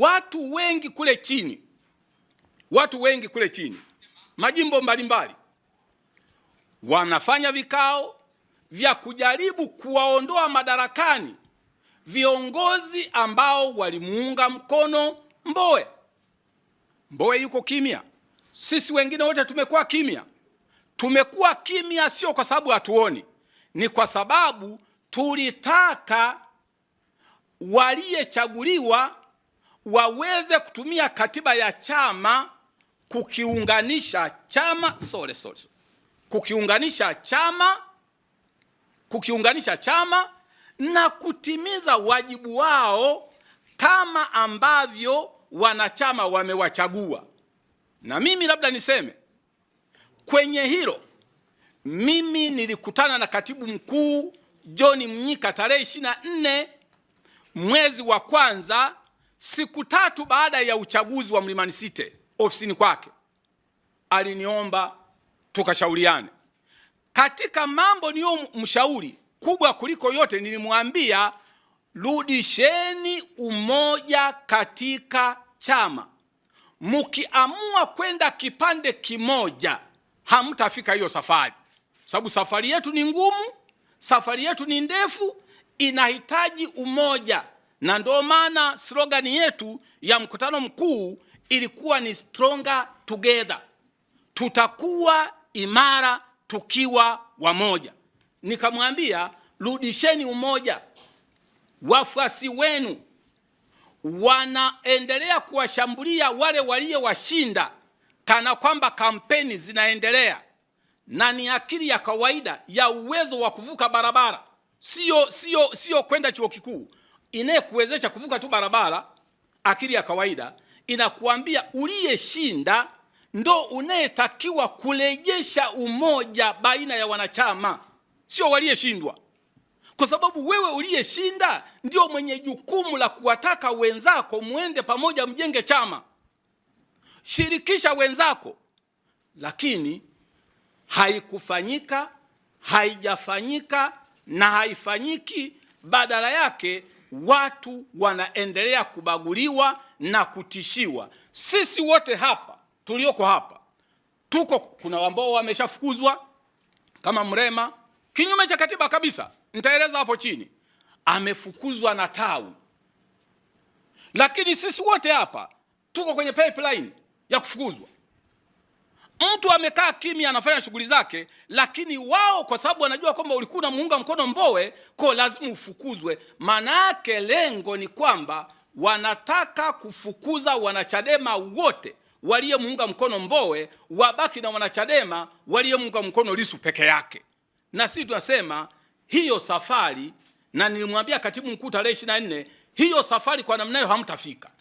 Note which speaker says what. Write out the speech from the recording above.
Speaker 1: watu wengi kule chini, watu wengi kule chini, majimbo mbalimbali wanafanya vikao vya kujaribu kuwaondoa madarakani viongozi ambao walimuunga mkono Mbowe. Mbowe yuko kimya, sisi wengine wote tumekuwa kimya. Tumekuwa kimya sio kwa sababu hatuoni, ni kwa sababu tulitaka waliyechaguliwa waweze kutumia katiba ya chama kukiunganisha chama sole sole, kukiunganisha chama kukiunganisha chama na kutimiza wajibu wao kama ambavyo wanachama wamewachagua. Na mimi labda niseme kwenye hilo, mimi nilikutana na katibu mkuu John Mnyika tarehe 24 mwezi wa kwanza Siku tatu baada ya uchaguzi wa Mlimani City, ofisini kwake aliniomba tukashauriane katika mambo niyo mshauri kubwa kuliko yote nilimwambia, rudisheni umoja katika chama. Mkiamua kwenda kipande kimoja, hamtafika hiyo safari, sababu safari yetu ni ngumu, safari yetu ni ndefu, inahitaji umoja na ndio maana slogani yetu ya mkutano mkuu ilikuwa ni stronger together, tutakuwa imara tukiwa wamoja. Nikamwambia, rudisheni umoja. Wafuasi wenu wanaendelea kuwashambulia wale waliowashinda kana kwamba kampeni zinaendelea, na ni akili ya kawaida ya uwezo wa kuvuka barabara, sio sio sio kwenda chuo kikuu inayekuwezesha kuvuka tu barabara, akili ya kawaida inakuambia uliyeshinda ndo unayetakiwa kurejesha umoja baina ya wanachama, sio waliyeshindwa, kwa sababu wewe uliyeshinda ndio mwenye jukumu la kuwataka wenzako muende pamoja, mjenge chama, shirikisha wenzako. Lakini haikufanyika, haijafanyika na haifanyiki. Badala yake watu wanaendelea kubaguliwa na kutishiwa. Sisi wote hapa tulioko hapa tuko, kuna ambao wameshafukuzwa kama Mrema, kinyume cha katiba kabisa, nitaeleza hapo chini, amefukuzwa na tawi. Lakini sisi wote hapa tuko kwenye pipeline ya kufukuzwa. Mtu amekaa kimya, anafanya shughuli zake, lakini wao kwa sababu wanajua kwamba ulikuwa unamuunga mkono Mbowe, kwa lazima ufukuzwe. Maana yake lengo ni kwamba wanataka kufukuza wanachadema wote waliyemuunga mkono Mbowe, wabaki na wanachadema waliyemuunga mkono lisu peke yake. Na sisi tunasema hiyo safari, na nilimwambia katibu mkuu tarehe 24, hiyo safari kwa namna hiyo hamtafika.